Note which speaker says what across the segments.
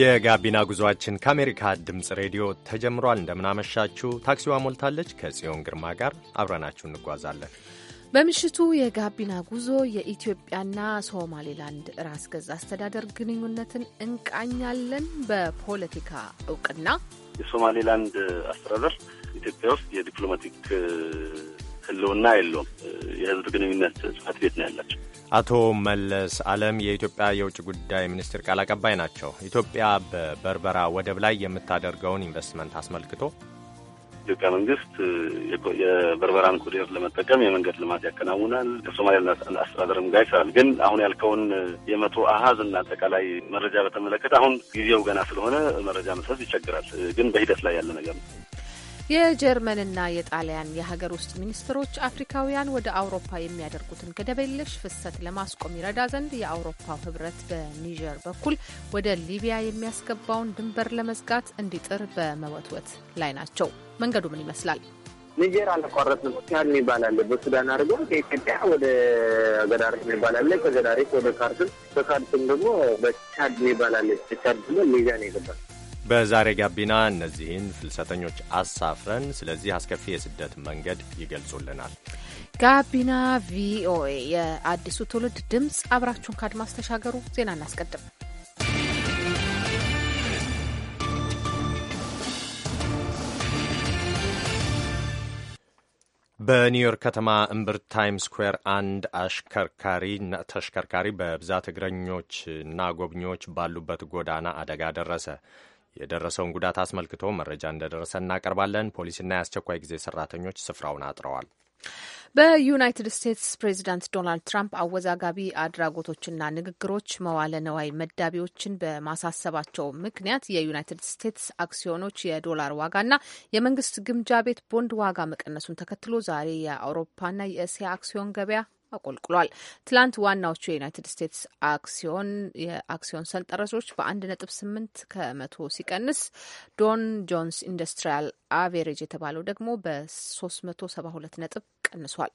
Speaker 1: የጋቢና ጉዞአችን ከአሜሪካ ድምፅ ሬዲዮ ተጀምሯል። እንደምናመሻችሁ ታክሲዋ ሞልታለች። ከጽዮን ግርማ ጋር አብረናችሁ እንጓዛለን።
Speaker 2: በምሽቱ የጋቢና ጉዞ የኢትዮጵያና ሶማሌላንድ ራስ ገዝ አስተዳደር ግንኙነትን እንቃኛለን። በፖለቲካ እውቅና
Speaker 3: የሶማሌላንድ አስተዳደር ኢትዮጵያ ውስጥ የዲፕሎማቲክ ህልውና የለውም። የህዝብ ግንኙነት ጽህፈት ቤት ነው ያላቸው።
Speaker 1: አቶ መለስ አለም የኢትዮጵያ የውጭ ጉዳይ ሚኒስትር ቃል አቀባይ ናቸው። ኢትዮጵያ በበርበራ ወደብ ላይ የምታደርገውን ኢንቨስትመንት አስመልክቶ
Speaker 3: ኢትዮጵያ መንግስት የበርበራን ኮሪደር ለመጠቀም የመንገድ ልማት ያከናውናል፣ ከሶማሌላንድ አስተዳደርም ጋር ይሰራል። ግን አሁን ያልከውን የመቶ አሀዝ እና አጠቃላይ መረጃ በተመለከተ አሁን ጊዜው ገና ስለሆነ መረጃ መስጠት ይቸግራል። ግን በሂደት ላይ ያለ ነገር ነው።
Speaker 2: የጀርመንና የጣሊያን የሀገር ውስጥ ሚኒስትሮች አፍሪካውያን ወደ አውሮፓ የሚያደርጉትን ገደብ ፍሰት ለማስቆም ይረዳ ዘንድ የአውሮፓው ህብረት በኒጀር በኩል ወደ ሊቢያ የሚያስገባውን ድንበር ለመዝጋት እንዲጥር በመወትወት ላይ ናቸው። መንገዱ ምን ይመስላል?
Speaker 4: ኒጀር አላቋረጥንም። ቻድ የሚባል አለ በሱዳን አድርገው ከኢትዮጵያ ወደ ገዳሪፍ የሚባል አለ፣ ከገዳሪፍ ወደ ካርቱም፣ ከካርቱም ደግሞ በቻድ የሚባል አለ። ቻድ ደግሞ ኒጀር ነው የገባል
Speaker 1: በዛሬ ጋቢና እነዚህን ፍልሰተኞች አሳፍረን ስለዚህ አስከፊ የስደት መንገድ ይገልጹልናል።
Speaker 2: ጋቢና ቪኦኤ የአዲሱ ትውልድ ድምፅ፣ አብራችሁን ከአድማስ ተሻገሩ። ዜና እናስቀድም።
Speaker 1: በኒውዮርክ ከተማ እምብርት ታይም ስኩዌር አንድ አሽከርካሪ ተሽከርካሪ በብዛት እግረኞችና ጎብኚዎች ባሉበት ጎዳና አደጋ ደረሰ። የደረሰውን ጉዳት አስመልክቶ መረጃ እንደደረሰ እናቀርባለን። ፖሊስና የአስቸኳይ ጊዜ ሰራተኞች ስፍራውን አጥረዋል።
Speaker 2: በዩናይትድ ስቴትስ ፕሬዚዳንት ዶናልድ ትራምፕ አወዛጋቢ አድራጎቶችና ንግግሮች መዋለ ነዋይ መዳቢዎችን በማሳሰባቸው ምክንያት የዩናይትድ ስቴትስ አክሲዮኖች የዶላር ዋጋና የመንግስት ግምጃ ቤት ቦንድ ዋጋ መቀነሱን ተከትሎ ዛሬ የአውሮፓና የእስያ አክሲዮን ገበያ አቆልቁሏል። ትላንት ዋናዎቹ የዩናይትድ ስቴትስ አክሲዮን የአክሲዮን ሰንጠረዦች በአንድ ነጥብ ስምንት ከመቶ ሲቀንስ ዶን ጆንስ ኢንዱስትሪያል አቬሬጅ የተባለው ደግሞ በሶስት መቶ ሰባ ሁለት ነጥብ ቀንሷል።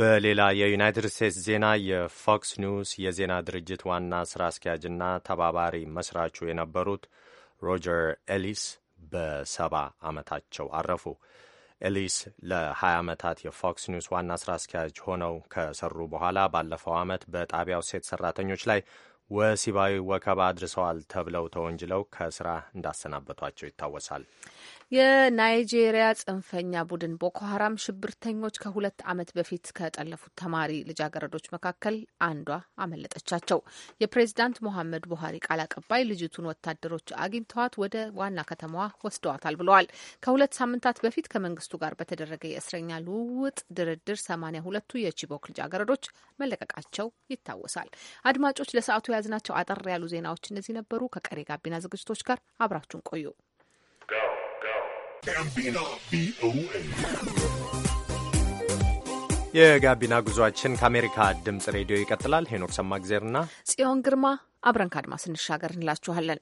Speaker 1: በሌላ የዩናይትድ ስቴትስ ዜና የፎክስ ኒውስ የዜና ድርጅት ዋና ስራ አስኪያጅና ተባባሪ መስራቹ የነበሩት ሮጀር ኤሊስ በሰባ ዓመታቸው አረፉ። ኤሊስ ለ20 ዓመታት የፎክስ ኒውስ ዋና ሥራ አስኪያጅ ሆነው ከሰሩ በኋላ ባለፈው ዓመት በጣቢያው ሴት ሠራተኞች ላይ ወሲባዊ ወከባ አድርሰዋል ተብለው ተወንጅለው ከስራ እንዳሰናበቷቸው ይታወሳል።
Speaker 2: የናይጄሪያ ጽንፈኛ ቡድን ቦኮ ሀራም ሽብርተኞች ከሁለት ዓመት በፊት ከጠለፉት ተማሪ ልጃገረዶች መካከል አንዷ አመለጠቻቸው። የፕሬዚዳንት ሞሐመድ ቡሃሪ ቃል አቀባይ ልጅቱን ወታደሮች አግኝተዋት ወደ ዋና ከተማዋ ወስደዋታል ብለዋል። ከሁለት ሳምንታት በፊት ከመንግስቱ ጋር በተደረገ የእስረኛ ልውውጥ ድርድር ሰማንያ ሁለቱ የቺቦክ ልጃገረዶች መለቀቃቸው ይታወሳል። አድማጮች ለሰዓቱ የያዝናቸው አጠር ያሉ ዜናዎች እነዚህ ነበሩ። ከቀሪ ጋቢና ዝግጅቶች ጋር አብራችሁን ቆዩ። ጋቢና ቪኦኤ
Speaker 1: የጋቢና ጉዟችን ከአሜሪካ ድምፅ ሬዲዮ ይቀጥላል። ሄኖክ ሰማግዜርና
Speaker 2: ጽዮን ግርማ አብረን ከአድማስ እንሻገር እንላችኋለን።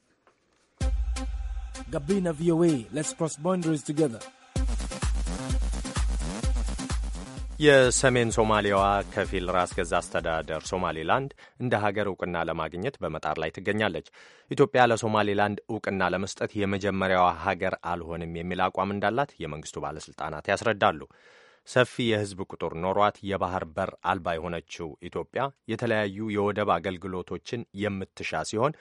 Speaker 5: ጋቢና ቪኦኤ ሌትስ ክሮስ ቦንደሪስ ቱጌዘር
Speaker 1: የሰሜን ሶማሊያዋ ከፊል ራስ ገዛ አስተዳደር ሶማሌላንድ እንደ ሀገር እውቅና ለማግኘት በመጣር ላይ ትገኛለች። ኢትዮጵያ ለሶማሌላንድ እውቅና ለመስጠት የመጀመሪያዋ ሀገር አልሆንም የሚል አቋም እንዳላት የመንግስቱ ባለስልጣናት ያስረዳሉ። ሰፊ የህዝብ ቁጥር ኖሯት የባህር በር አልባ የሆነችው ኢትዮጵያ የተለያዩ የወደብ አገልግሎቶችን የምትሻ ሲሆን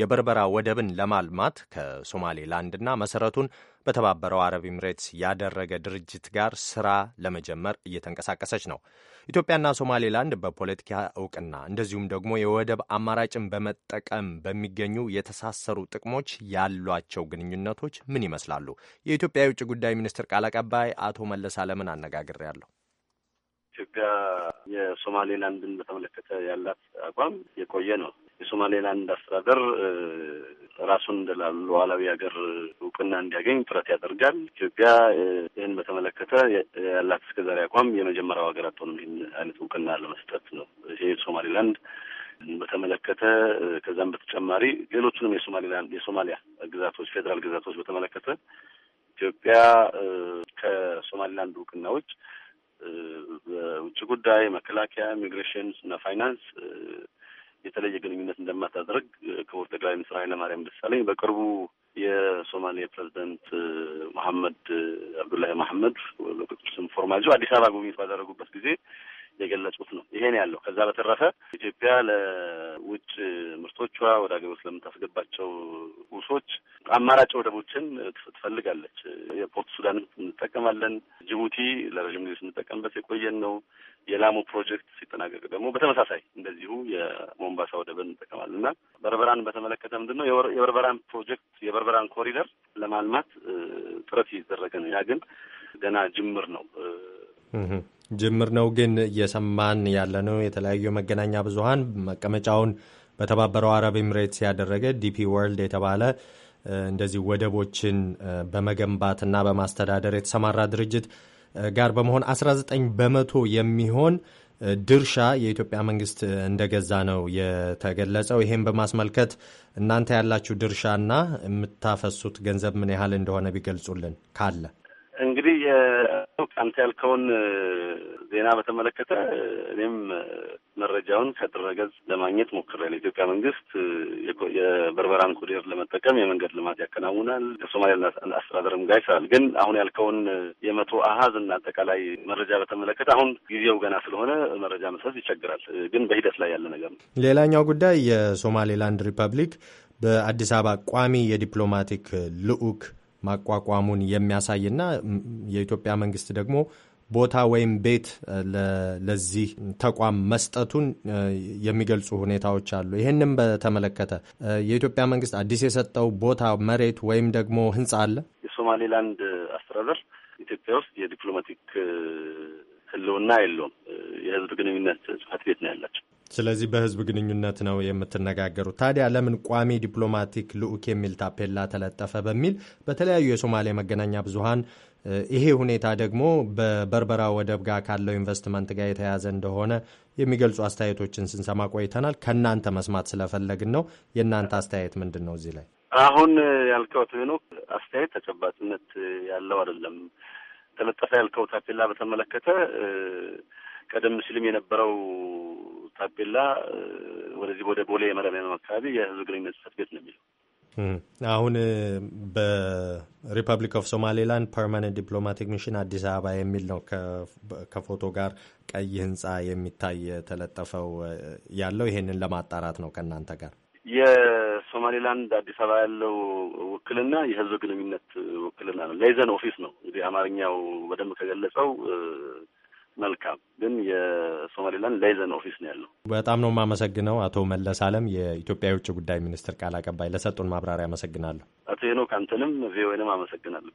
Speaker 1: የበርበራ ወደብን ለማልማት ከሶማሌላንድና መሰረቱን በተባበረው አረብ ኤምሬትስ ያደረገ ድርጅት ጋር ስራ ለመጀመር እየተንቀሳቀሰች ነው። ኢትዮጵያና ሶማሌላንድ በፖለቲካ እውቅና እንደዚሁም ደግሞ የወደብ አማራጭን በመጠቀም በሚገኙ የተሳሰሩ ጥቅሞች ያሏቸው ግንኙነቶች ምን ይመስላሉ? የኢትዮጵያ የውጭ ጉዳይ ሚኒስትር ቃል አቀባይ አቶ መለስ አለምን አነጋግሬያለሁ።
Speaker 3: ኢትዮጵያ የሶማሌላንድን በተመለከተ ያላት አቋም የቆየ ነው። የሶማሌላንድ አስተዳደር ራሱን እንደ ሉዓላዊ ሀገር እውቅና እንዲያገኝ ጥረት ያደርጋል። ኢትዮጵያ ይህን በተመለከተ ያላት እስከዛሬ አቋም የመጀመሪያው ሀገር አትሆንም ይህን አይነት እውቅና ለመስጠት ነው። ይሄ ሶማሌላንድ በተመለከተ ከዛም በተጨማሪ ሌሎቹንም የሶማሌላንድ የሶማሊያ ግዛቶች ፌዴራል ግዛቶች በተመለከተ ኢትዮጵያ ከሶማሌላንድ እውቅና ውጭ በውጭ ጉዳይ፣ መከላከያ፣ ኢሚግሬሽን እና ፋይናንስ የተለየ ግንኙነት እንደማታደርግ ክቡር ጠቅላይ ሚኒስትር ኃይለማርያም ደሳለኝ በቅርቡ የሶማሌ ፕሬዚደንት መሐመድ አብዱላሂ መሐመድ በቅጽል ስም ፎርማጆ አዲስ አበባ ጉብኝት ባደረጉበት ጊዜ የገለጹት ነው። ይሄን ያለው ከዛ በተረፈ ኢትዮጵያ ለውጭ ምርቶቿ ወደ ሀገር ውስጥ ለምታስገባቸው ውሶች አማራጭ ወደቦችን ትፈልጋለች። የፖርት ሱዳንን እንጠቀማለን። ጅቡቲ ለረዥም ጊዜ ስንጠቀምበት የቆየን ነው። የላሙ ፕሮጀክት ሲጠናቀቅ ደግሞ በተመሳሳይ እንደዚሁ የሞምባሳ ወደብን እንጠቀማለን እና በርበራን በተመለከተ ምንድን ነው የበርበራን ፕሮጀክት የበርበራን ኮሪደር ለማልማት ጥረት እየተደረገ ነው። ያ ግን ገና ጅምር ነው
Speaker 1: ጅምር ነው ግን እየሰማን ያለ ነው። የተለያዩ የመገናኛ ብዙኃን መቀመጫውን በተባበረው አረብ ኤምሬትስ ያደረገ ዲፒ ወርልድ የተባለ እንደዚህ ወደቦችን በመገንባትና በማስተዳደር የተሰማራ ድርጅት ጋር በመሆን 19 በመቶ የሚሆን ድርሻ የኢትዮጵያ መንግስት እንደገዛ ነው የተገለጸው። ይህም በማስመልከት እናንተ ያላችሁ ድርሻና የምታፈሱት ገንዘብ ምን ያህል እንደሆነ ቢገልጹልን ካለ።
Speaker 3: እንግዲህ አንተ ያልከውን ዜና በተመለከተ እኔም መረጃውን ከጥረገጽ ለማግኘት ሞክሬያለሁ። የኢትዮጵያ መንግስት የበርበራን ኩሪር ለመጠቀም የመንገድ ልማት ያከናውናል፣ ከሶማሌላንድ አስተዳደርም ጋር ይሰራል። ግን አሁን ያልከውን የመቶ አሀዝ እና አጠቃላይ መረጃ በተመለከተ አሁን ጊዜው ገና ስለሆነ መረጃ መስጠት ይቸግራል። ግን በሂደት ላይ ያለ ነገር ነው።
Speaker 1: ሌላኛው ጉዳይ የሶማሌላንድ ሪፐብሊክ በአዲስ አበባ ቋሚ የዲፕሎማቲክ ልዑክ ማቋቋሙን የሚያሳይና የኢትዮጵያ መንግስት ደግሞ ቦታ ወይም ቤት ለዚህ ተቋም መስጠቱን የሚገልጹ ሁኔታዎች አሉ። ይህንም በተመለከተ የኢትዮጵያ መንግስት አዲስ የሰጠው ቦታ መሬት ወይም ደግሞ ህንፃ አለ።
Speaker 3: የሶማሌላንድ አስተዳደር ኢትዮጵያ ውስጥ የዲፕሎማቲክ ህልውና የለውም። የህዝብ ግንኙነት
Speaker 1: ጽፈት ቤት ነው ያላቸው። ስለዚህ በህዝብ ግንኙነት ነው የምትነጋገሩት። ታዲያ ለምን ቋሚ ዲፕሎማቲክ ልዑክ የሚል ታፔላ ተለጠፈ? በሚል በተለያዩ የሶማሌ መገናኛ ብዙሃን ይሄ ሁኔታ ደግሞ በበርበራ ወደብ ጋር ካለው ኢንቨስትመንት ጋር የተያዘ እንደሆነ የሚገልጹ አስተያየቶችን ስንሰማ ቆይተናል። ከእናንተ መስማት ስለፈለግን ነው። የእናንተ አስተያየት ምንድን ነው? እዚህ ላይ
Speaker 3: አሁን ያልከው ሄኖክ አስተያየት ተጨባጭነት ያለው አይደለም። ተለጠፈ ያልከው ታፔላ በተመለከተ ቀደም ሲልም የነበረው ታፔላ ወደዚህ ወደ ቦሌ መረሚያ አካባቢ የህዝብ ግንኙነት ጽሕፈት ቤት
Speaker 1: ነው የሚለው። አሁን በሪፐብሊክ ኦፍ ሶማሌላንድ ፐርማነንት ዲፕሎማቲክ ሚሽን አዲስ አበባ የሚል ነው ከፎቶ ጋር ቀይ ህንፃ የሚታይ የተለጠፈው ያለው። ይሄንን ለማጣራት ነው ከእናንተ ጋር
Speaker 3: የሶማሌላንድ አዲስ አበባ ያለው ውክልና የህዝብ ግንኙነት ውክልና ነው። ሌዘን ኦፊስ ነው እንግዲህ አማርኛው በደንብ ከገለጸው መልካም ግን የሶማሌላንድ ላይዘን ኦፊስ ነው ያለው።
Speaker 1: በጣም ነው የማመሰግነው አቶ መለስ አለም የኢትዮጵያ የውጭ ጉዳይ ሚኒስትር ቃል አቀባይ ለሰጡን ማብራሪያ አመሰግናለሁ።
Speaker 3: አቶ ሄኖክ አንተንም ቪኦኤንም አመሰግናለሁ።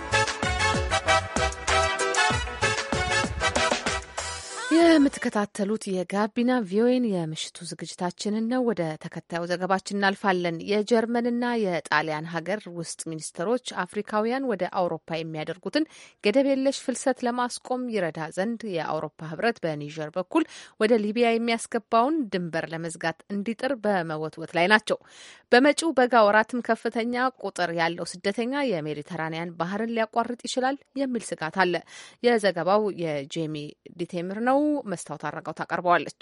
Speaker 2: የምትከታተሉት የጋቢና ቪኦኤን የምሽቱ ዝግጅታችንን ነው። ወደ ተከታዩ ዘገባችን እናልፋለን። የጀርመንና የጣሊያን ሀገር ውስጥ ሚኒስትሮች አፍሪካውያን ወደ አውሮፓ የሚያደርጉትን ገደብ የለሽ ፍልሰት ለማስቆም ይረዳ ዘንድ የአውሮፓ ሕብረት በኒጀር በኩል ወደ ሊቢያ የሚያስገባውን ድንበር ለመዝጋት እንዲጥር በመወትወት ላይ ናቸው። በመጪው በጋ ወራትም ከፍተኛ ቁጥር ያለው ስደተኛ የሜዲተራኒያን ባህርን ሊያቋርጥ ይችላል የሚል ስጋት አለ። የዘገባው የጄሚ ዲቴምር ነው። ነው። መስታወት አረጋው ታቀርበዋለች።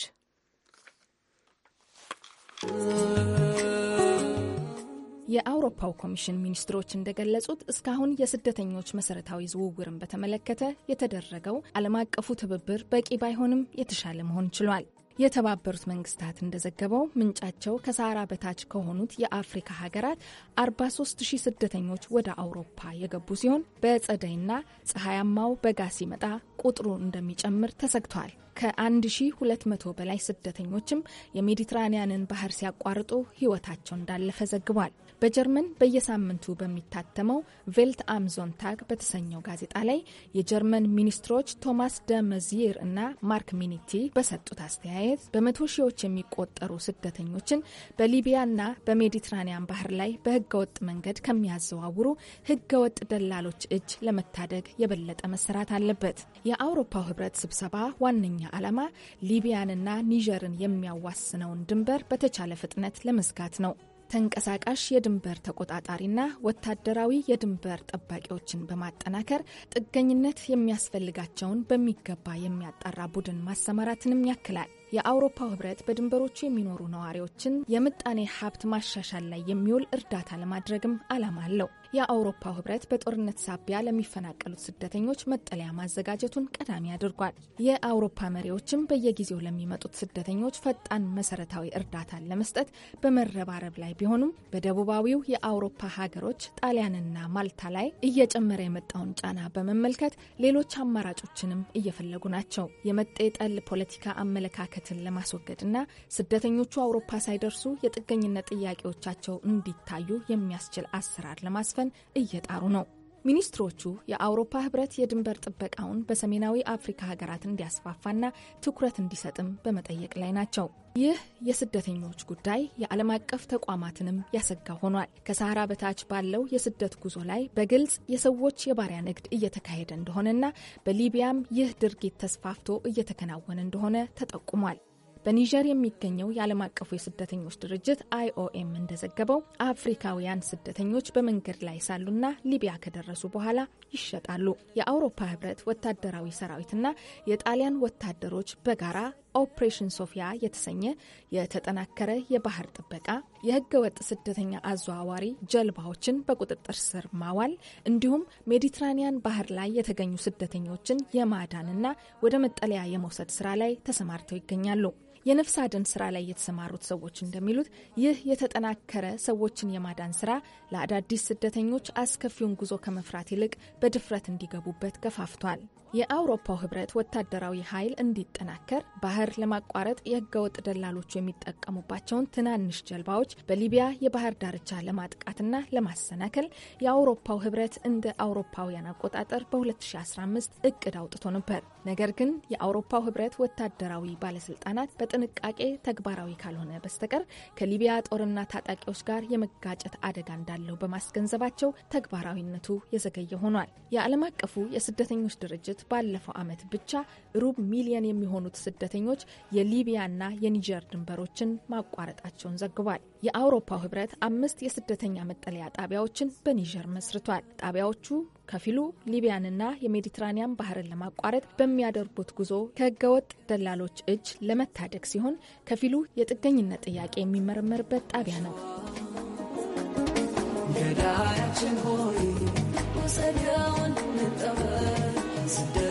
Speaker 5: የአውሮፓው ኮሚሽን ሚኒስትሮች እንደገለጹት እስካሁን የስደተኞች መሰረታዊ ዝውውርን በተመለከተ የተደረገው ዓለም አቀፉ ትብብር በቂ ባይሆንም የተሻለ መሆን ችሏል። የተባበሩት መንግስታት እንደዘገበው ምንጫቸው ከሳራ በታች ከሆኑት የአፍሪካ ሀገራት 43000 ስደተኞች ወደ አውሮፓ የገቡ ሲሆን በጸደይና ፀሐያማው በጋ ሲመጣ ቁጥሩ እንደሚጨምር ተሰግቷል። ከ1200 በላይ ስደተኞችም የሜዲትራኒያንን ባህር ሲያቋርጡ ህይወታቸው እንዳለፈ ዘግቧል። በጀርመን በየሳምንቱ በሚታተመው ቬልት አምዞን ታግ በተሰኘው ጋዜጣ ላይ የጀርመን ሚኒስትሮች ቶማስ ደ መዚር እና ማርክ ሚኒቲ በሰጡት አስተያየት በመቶ ሺዎች የሚቆጠሩ ስደተኞችን በሊቢያና በሜዲትራኒያን ባህር ላይ በህገወጥ መንገድ ከሚያዘዋውሩ ህገወጥ ደላሎች እጅ ለመታደግ የበለጠ መሰራት አለበት። የአውሮፓው ህብረት ስብሰባ ዋነኛ ዓላማ ሊቢያንና ኒጀርን የሚያዋስነውን ድንበር በተቻለ ፍጥነት ለመዝጋት ነው። ተንቀሳቃሽ የድንበር ተቆጣጣሪና ወታደራዊ የድንበር ጠባቂዎችን በማጠናከር ጥገኝነት የሚያስፈልጋቸውን በሚገባ የሚያጣራ ቡድን ማሰማራትንም ያክላል። የአውሮፓው ህብረት በድንበሮቹ የሚኖሩ ነዋሪዎችን የምጣኔ ሀብት ማሻሻል ላይ የሚውል እርዳታ ለማድረግም ዓላማ አለው። የአውሮፓው ህብረት በጦርነት ሳቢያ ለሚፈናቀሉት ስደተኞች መጠለያ ማዘጋጀቱን ቀዳሚ አድርጓል። የአውሮፓ መሪዎችም በየጊዜው ለሚመጡት ስደተኞች ፈጣን መሰረታዊ እርዳታን ለመስጠት በመረባረብ ላይ ቢሆኑም በደቡባዊው የአውሮፓ ሀገሮች ጣሊያንና ማልታ ላይ እየጨመረ የመጣውን ጫና በመመልከት ሌሎች አማራጮችንም እየፈለጉ ናቸው። የመጤጠል ፖለቲካ አመለካከትን ለማስወገድና ስደተኞቹ አውሮፓ ሳይደርሱ የጥገኝነት ጥያቄዎቻቸው እንዲታዩ የሚያስችል አሰራር ለማስፈ ለማስፈን እየጣሩ ነው። ሚኒስትሮቹ የአውሮፓ ህብረት የድንበር ጥበቃውን በሰሜናዊ አፍሪካ ሀገራት እንዲያስፋፋና ትኩረት እንዲሰጥም በመጠየቅ ላይ ናቸው። ይህ የስደተኞች ጉዳይ የዓለም አቀፍ ተቋማትንም ያሰጋ ሆኗል። ከሳህራ በታች ባለው የስደት ጉዞ ላይ በግልጽ የሰዎች የባሪያ ንግድ እየተካሄደ እንደሆነና በሊቢያም ይህ ድርጊት ተስፋፍቶ እየተከናወነ እንደሆነ ተጠቁሟል። በኒጀር የሚገኘው የዓለም አቀፉ የስደተኞች ድርጅት አይኦኤም እንደዘገበው አፍሪካውያን ስደተኞች በመንገድ ላይ ሳሉና ሊቢያ ከደረሱ በኋላ ይሸጣሉ። የአውሮፓ ህብረት ወታደራዊ ሰራዊትና የጣሊያን ወታደሮች በጋራ ኦፕሬሽን ሶፊያ የተሰኘ የተጠናከረ የባህር ጥበቃ፣ የህገወጥ ስደተኛ አዘዋዋሪ ጀልባዎችን በቁጥጥር ስር ማዋል እንዲሁም ሜዲትራኒያን ባህር ላይ የተገኙ ስደተኞችን የማዳንና ወደ መጠለያ የመውሰድ ስራ ላይ ተሰማርተው ይገኛሉ። የነፍስ አድን ስራ ላይ የተሰማሩት ሰዎች እንደሚሉት ይህ የተጠናከረ ሰዎችን የማዳን ስራ ለአዳዲስ ስደተኞች አስከፊውን ጉዞ ከመፍራት ይልቅ በድፍረት እንዲገቡበት ገፋፍቷል። የአውሮፓው ህብረት ወታደራዊ ኃይል እንዲጠናከር ባህር ለማቋረጥ የህገወጥ ደላሎቹ የሚጠቀሙባቸውን ትናንሽ ጀልባዎች በሊቢያ የባህር ዳርቻ ለማጥቃትና ለማሰናከል የአውሮፓው ህብረት እንደ አውሮፓውያን አቆጣጠር በ2015 እቅድ አውጥቶ ነበር። ነገር ግን የአውሮፓው ህብረት ወታደራዊ ባለስልጣናት በጥንቃቄ ተግባራዊ ካልሆነ በስተቀር ከሊቢያ ጦርና ታጣቂዎች ጋር የመጋጨት አደጋ እንዳለው በማስገንዘባቸው ተግባራዊነቱ የዘገየ ሆኗል። የዓለም አቀፉ የስደተኞች ድርጅት እንዳሉት ባለፈው ዓመት ብቻ ሩብ ሚሊየን የሚሆኑት ስደተኞች የሊቢያና የኒጀር ድንበሮችን ማቋረጣቸውን ዘግቧል። የአውሮፓው ህብረት አምስት የስደተኛ መጠለያ ጣቢያዎችን በኒጀር መስርቷል። ጣቢያዎቹ ከፊሉ ሊቢያንና የሜዲትራኒያን ባህርን ለማቋረጥ በሚያደርጉት ጉዞ ከህገወጥ ደላሎች እጅ ለመታደግ ሲሆን ከፊሉ የጥገኝነት ጥያቄ የሚመረመርበት ጣቢያ ነው።
Speaker 6: ገዳያችን ሆይ Amsterdam.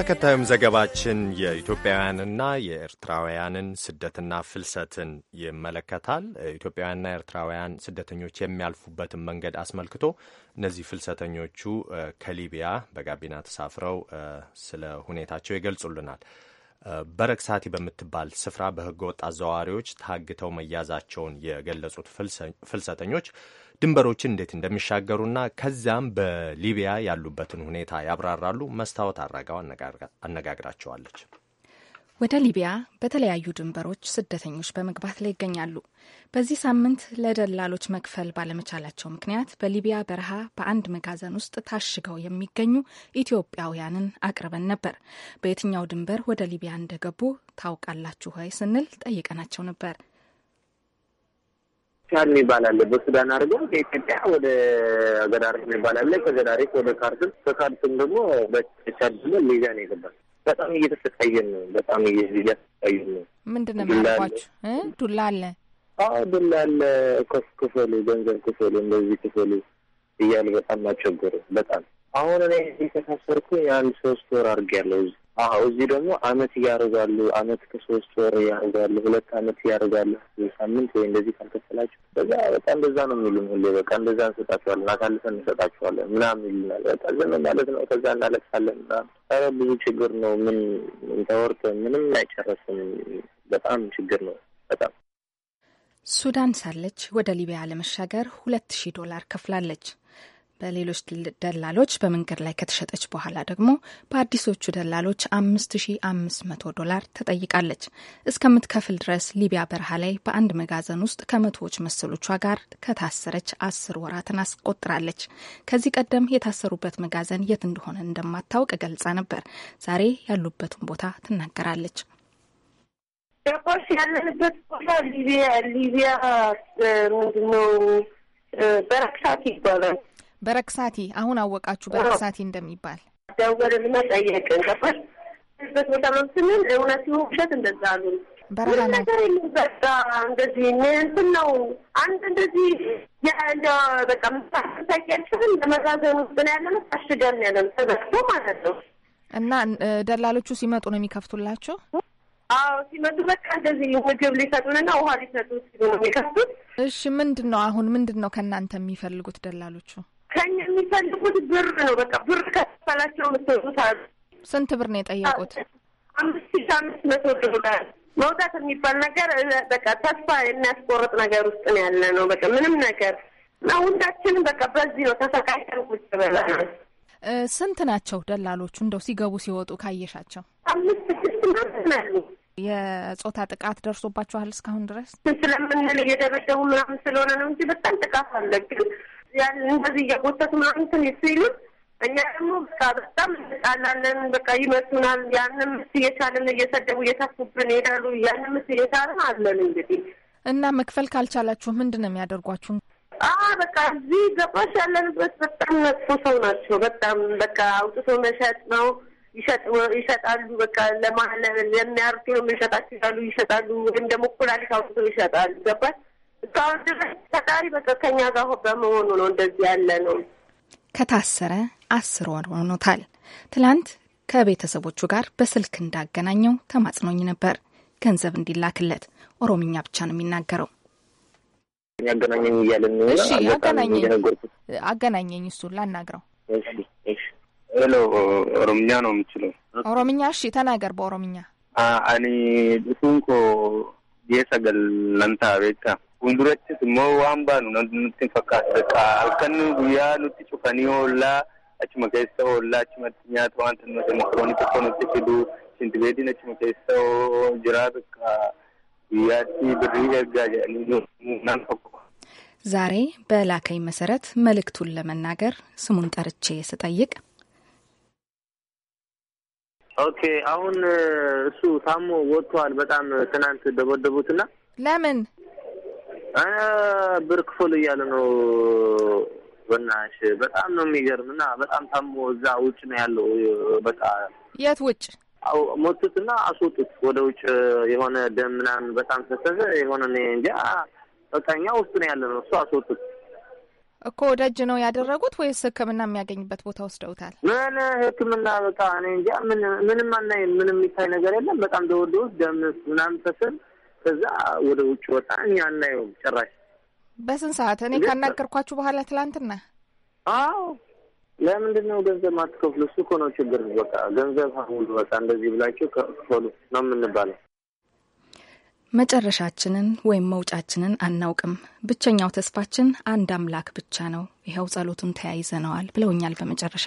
Speaker 1: ተከታዩም ዘገባችን የኢትዮጵያውያንና የኤርትራውያንን ስደትና ፍልሰትን ይመለከታል። ኢትዮጵያውያንና ኤርትራውያን ስደተኞች የሚያልፉበትን መንገድ አስመልክቶ እነዚህ ፍልሰተኞቹ ከሊቢያ በጋቢና ተሳፍረው ስለ ሁኔታቸው ይገልጹልናል። በረክ በምትባል ስፍራ በህገ ወጥ አዘዋዋሪዎች ታግተው መያዛቸውን የገለጹት ፍልሰተኞች ድንበሮችን እንዴት እንደሚሻገሩና ከዚያም በሊቢያ ያሉበትን ሁኔታ ያብራራሉ። መስታወት አድራጋው አነጋግራቸዋለች።
Speaker 5: ወደ ሊቢያ በተለያዩ ድንበሮች ስደተኞች በመግባት ላይ ይገኛሉ። በዚህ ሳምንት ለደላሎች መክፈል ባለመቻላቸው ምክንያት በሊቢያ በረሃ በአንድ መጋዘን ውስጥ ታሽገው የሚገኙ ኢትዮጵያውያንን አቅርበን ነበር። በየትኛው ድንበር ወደ ሊቢያ እንደገቡ ታውቃላችሁ ሆይ ስንል ጠይቀናቸው ነበር።
Speaker 4: ቻድ የሚባል አለ። በሱዳን አድርገን ከኢትዮጵያ ወደ ገዳሪፍ የሚባል አለ። ከገዳሪፍ ወደ ካርቱም፣ ከካርቱም ደግሞ በቻድ ደግሞ ሚዛን ይገባል። በጣም እየተሰቃየን ነው። በጣም እያሰቃየን ነው።
Speaker 5: ምንድን ነው የሚያደርጓችሁ? ዱላ አለ።
Speaker 4: አዎ ዱላ አለ። ኮስ ክፈሉ፣ ገንዘብ ክፈሉ፣ እንደዚህ ክፈሉ እያሉ በጣም አስቸገሩ። በጣም አሁን እኔ የተሳሰርኩ የአንድ ሶስት ወር አድርጌያለሁ እዚህ አዎ እዚህ ደግሞ አመት እያደርጋሉ አመት ከሶስት ወር እያደርጋሉ ሁለት አመት እያደርጋሉ ሳምንት ወይ እንደዚህ ካልከፈላችሁ በዛ በቃ እንደዛ ነው የሚሉን ሁሌ በቃ እንደዛ እንሰጣችኋለን አሳልፈን እንሰጣችኋለን ምናምን ይሉናል በቃ ዝም ማለት ነው ከዛ እናለቅሳለን ምናምን ኧረ ብዙ ችግር ነው ምን ተወርቶ ምንም አይጨረስም በጣም ችግር ነው በጣም
Speaker 5: ሱዳን ሳለች ወደ ሊቢያ ለመሻገር ሁለት ሺህ ዶላር ከፍላለች በሌሎች ደላሎች በመንገድ ላይ ከተሸጠች በኋላ ደግሞ በአዲሶቹ ደላሎች 5500 ዶላር ተጠይቃለች። እስከምትከፍል ድረስ ሊቢያ በረሃ ላይ በአንድ መጋዘን ውስጥ ከመቶዎች መሰሎቿ ጋር ከታሰረች አስር ወራትን አስቆጥራለች። ከዚህ ቀደም የታሰሩበት መጋዘን የት እንደሆነ እንደማታውቅ ገልጻ ነበር። ዛሬ ያሉበትን ቦታ ትናገራለች።
Speaker 7: ጨቆስ ያለንበት ቦታ ሊቢያ ሊቢያ ምንድነው በረክሳት ይባላል
Speaker 5: በረክሳቲ አሁን አወቃችሁ በረክሳቲ እንደሚባል
Speaker 7: ደወልና ጠየቅን ከፋል ህዝበት ቦታ ነው ስንል እውነት ሲሆን ውሸት እንደዛ አሉ። በረሃ ነገር የለም በቃ እንደዚህ እንትን ነው አንድ እንደዚህ እንደ በቃ ምሳሳያችን ለመዛዘን ውስጥ ነው ያለ ነው ታሽገን ያለ ተዘግቶ ማለት ነው።
Speaker 5: እና ደላሎቹ ሲመጡ ነው የሚከፍቱላቸው?
Speaker 7: አዎ ሲመጡ በቃ እንደዚህ ምግብ ሊሰጡንና ውሃ ሊሰጡ ሲሉ ነው የሚከፍቱት።
Speaker 5: እሺ ምንድን ነው አሁን ምንድን ነው ከእናንተ የሚፈልጉት ደላሎቹ?
Speaker 7: ከኛ የሚፈልጉት ብር ነው። በቃ ብር ከፈላቸው የምትወጡት ስንት ብር ነው የጠየቁት? አምስት ሺ አምስት መቶ ዶላር። መውጣት የሚባል ነገር በቃ ተስፋ የሚያስቆርጥ ነገር ውስጥ ነው ያለ ነው። በቃ ምንም ነገር እና ሁላችንም በቃ በዚህ ነው ተሰቃይተን ቁጭ ብለናል።
Speaker 5: ስንት ናቸው ደላሎቹ? እንደው ሲገቡ ሲወጡ ካየሻቸው? አምስት ስድስት ምናምን ናሉ የጾታ ጥቃት ደርሶባችኋል እስካሁን
Speaker 7: ድረስ ስለምንል እየደበደቡ ምናምን ስለሆነ ነው እንጂ በጣም ጥቃት አለ እንደዚህ እየጎተቱ ምናምንትን እንትን ሲሉን እኛ ደግሞ በቃ በጣም እንጣላለን። በቃ ይመቱናል። ያንም ምስ እየቻለን እየሰደቡ እየተፉብን ይሄዳሉ። ያንም ምስ እየቻለን አለን እንግዲህ
Speaker 5: እና መክፈል ካልቻላችሁ ምንድን ነው የሚያደርጓችሁ?
Speaker 7: አዎ በቃ እዚህ ገባሽ ያለንበት በጣም መጥፎ ሰው ናቸው። በጣም በቃ አውጥቶ መሸጥ ነው ይሸጣሉ። በቃ ለማለ ለሚያርዱ ነው የሚሸጣቸው ይላሉ ይሸጣሉ። ወይም ደግሞ ኩላሊት አውጥቶ ይሸጣሉ። ገባሽ እስካሁን ድረስ ፈጣሪ በቃ ከኛ ጋር በመሆኑ ነው እንደዚህ ያለ ነው።
Speaker 5: ከታሰረ አስር ወር ሆኖታል። ትላንት ከቤተሰቦቹ ጋር በስልክ እንዳገናኘው ተማጽኖኝ ነበር ገንዘብ እንዲላክለት። ኦሮምኛ ብቻ ነው የሚናገረው።
Speaker 4: ያገናኘኝ እያለ
Speaker 5: አገናኘኝ፣ እሱን ላናግረው።
Speaker 4: ሄሎ፣ ኦሮምኛ ነው የምችለው።
Speaker 5: ኦሮምኛ እሺ፣ ተናገር በኦሮምኛ።
Speaker 4: አኒ ሱንኮ ጌሰ ለንታ ቤታ Fuuldurattis immoo waan baanu nutti hin fakkaatu. Halkan guyyaa nutti cufanii hollaa achuma keessa hollaa achumatti nyaata wanta nuti makaroonii tokko nutti fidu shintibeetiin achuma keessa jiraa jiraatu guyyaatti birrii ergaa jedhanii naan tokko.
Speaker 5: ዛሬ በላከኝ መሰረት መልእክቱን ለመናገር ስሙን ጠርቼ ስጠይቅ
Speaker 4: ኦኬ አሁን እሱ ታሞ ወጥቷል። በጣም ትናንት ደበደቡትና ለምን ብር ክፍል እያለ ነው። በናሽ በጣም ነው የሚገርም እና በጣም ታሞ እዛ ውጭ ነው ያለው። በቃ የት ውጭ ሞቱትና አስወጡት ወደ ውጭ የሆነ ደም ምናምን በጣም ፈሰሰ። የሆነ እንጃ በቃ እኛ ውስጥ ነው ያለ ነው። እሱ አስወጡት
Speaker 5: እኮ እጅ ነው ያደረጉት ወይስ ህክምና የሚያገኝበት ቦታ ወስደውታል?
Speaker 4: ምን ህክምና በቃ እኔ እንጃ ምንም አናይም። ምንም የሚታይ ነገር የለም። በጣም ደወደ ውስጥ ደም ምናምን ፈሰን ከዛ ወደ ውጭ ወጣ። እኛ አናየውም ጭራሽ።
Speaker 5: በስንት ሰዓት እኔ ካናገርኳችሁ በኋላ ትላንትና።
Speaker 4: አዎ ለምንድን ነው ገንዘብ ማትከፍሉ? እሱ እኮ ነው ችግር። በቃ ገንዘብ ሁሉ በቃ እንደዚህ ብላቸው ከፈሉ ነው የምንባለው።
Speaker 5: መጨረሻችንን ወይም መውጫችንን አናውቅም። ብቸኛው ተስፋችን አንድ አምላክ ብቻ ነው። ይኸው ጸሎቱን ተያይዘነዋል ብለውኛል። በመጨረሻ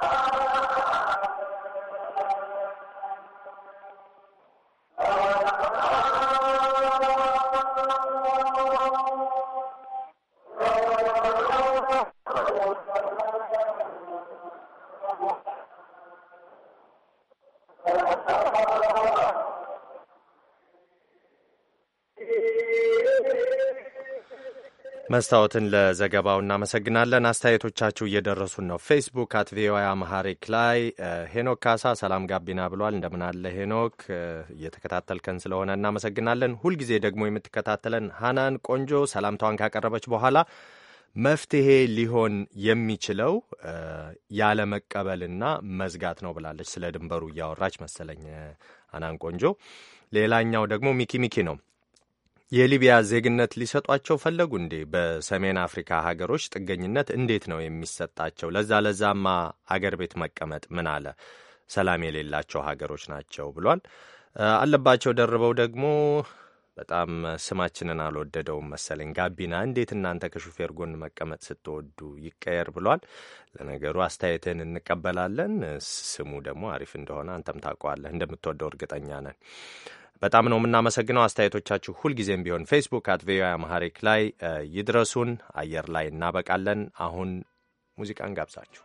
Speaker 1: መስታወትን ለዘገባው እናመሰግናለን። አስተያየቶቻችሁ እየደረሱን ነው። ፌስቡክ አት ቪኦኤ አምሃሪክ ላይ ሄኖክ ካሳ ሰላም ጋቢና ብሏል። እንደምናለ ሄኖክ፣ እየተከታተልከን ስለሆነ እናመሰግናለን። ሁልጊዜ ደግሞ የምትከታተለን ሀናን ቆንጆ ሰላምታዋን ካቀረበች በኋላ መፍትሄ ሊሆን የሚችለው ያለመቀበልና መዝጋት ነው ብላለች። ስለ ድንበሩ እያወራች መሰለኝ ሀናን ቆንጆ። ሌላኛው ደግሞ ሚኪ ሚኪ ነው የሊቢያ ዜግነት ሊሰጧቸው ፈለጉ እንዴ? በሰሜን አፍሪካ ሀገሮች ጥገኝነት እንዴት ነው የሚሰጣቸው? ለዛ ለዛማ አገር ቤት መቀመጥ ምን አለ? ሰላም የሌላቸው ሀገሮች ናቸው ብሏል። አለባቸው ደርበው ደግሞ በጣም ስማችንን አልወደደውም መሰለኝ። ጋቢና እንዴት እናንተ ከሹፌር ጎን መቀመጥ ስትወዱ ይቀየር ብሏል። ለነገሩ አስተያየትን እንቀበላለን። ስሙ ደግሞ አሪፍ እንደሆነ አንተም ታውቀዋለህ፣ እንደምትወደው እርግጠኛ ነን። በጣም ነው የምናመሰግነው። አስተያየቶቻችሁ ሁልጊዜም ቢሆን ፌስቡክ አት ቪኦኤ አማሐሪክ ላይ ይድረሱን። አየር ላይ እናበቃለን። አሁን ሙዚቃን ጋብዛችሁ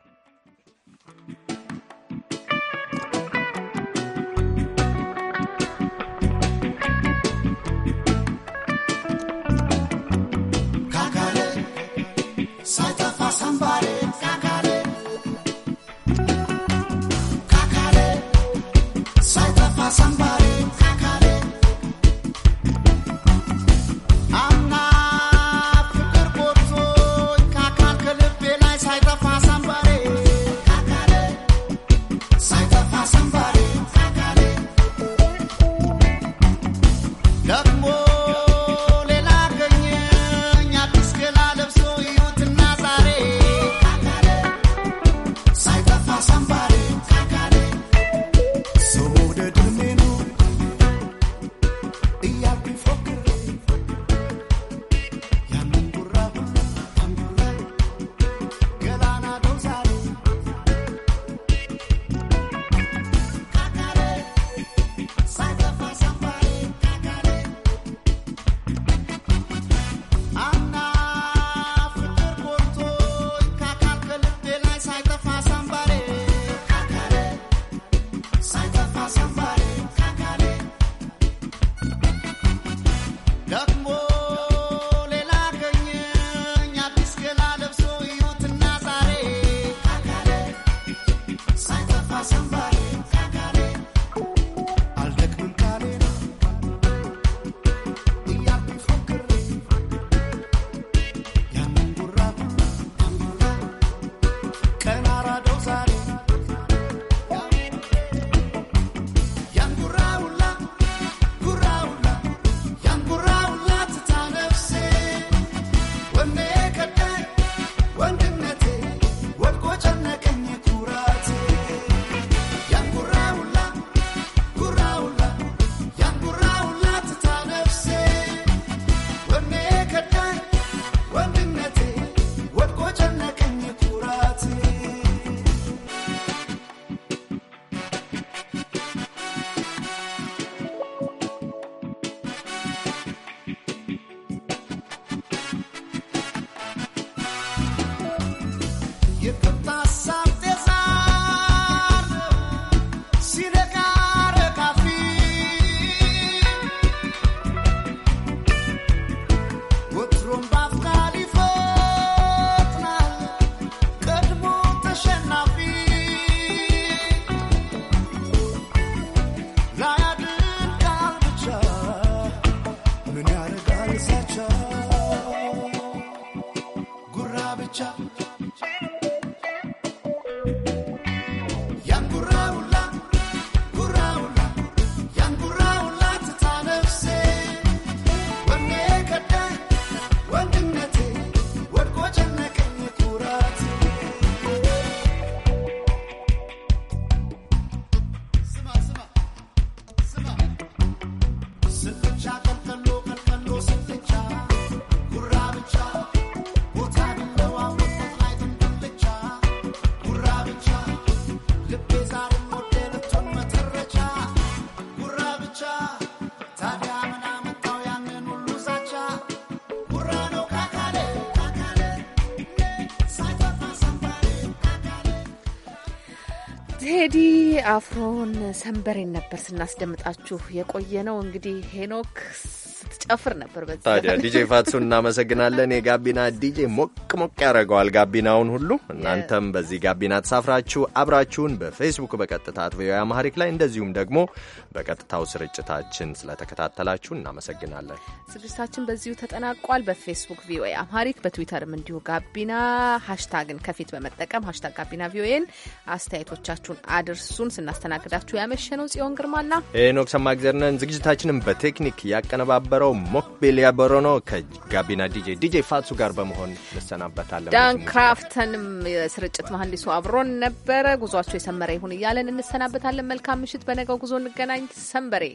Speaker 2: የአፍሮን ሰንበሬን ነበር ስናስደምጣችሁ የቆየ ነው። እንግዲህ ሄኖክ ጨፍር ነበር። በዚህ ታዲያ ዲጄ
Speaker 1: ፋትሱ እናመሰግናለን። የጋቢና ዲጄ ሞቅ ሞቅ ያደረገዋል ጋቢናውን ሁሉ። እናንተም በዚህ ጋቢና ተሳፍራችሁ አብራችሁን በፌስቡክ በቀጥታ ቪኦኤ አማሪክ ላይ እንደዚሁም ደግሞ በቀጥታው ስርጭታችን ስለተከታተላችሁ እናመሰግናለን።
Speaker 2: ስርጭታችን በዚሁ ተጠናቋል። በፌስቡክ ቪኦኤ አማሪክ፣ በትዊተርም እንዲሁ ጋቢና ሀሽታግን ከፊት በመጠቀም ሀሽታግ ጋቢና ቪኦኤን አስተያየቶቻችሁን አድርሱን። ስናስተናግዳችሁ ያመሸነው ጽዮን ግርማና
Speaker 1: ሄኖክ ሰማግዘርነን ዝግጅታችንን በቴክኒክ ያቀነባበረው ሞክቢሊያ ነው ከጋቢና ዲጄ ዲጄ ፋጹ ጋር በመሆን እንሰናበታለን። ዳን
Speaker 2: ክራፍተንም የስርጭት መሀንዲሱ አብሮን ነበረ። ጉዟቸው የሰመረ ይሁን እያለን እንሰናበታለን። መልካም ምሽት። በነገው ጉዞ እንገናኝ። ሰንበሬ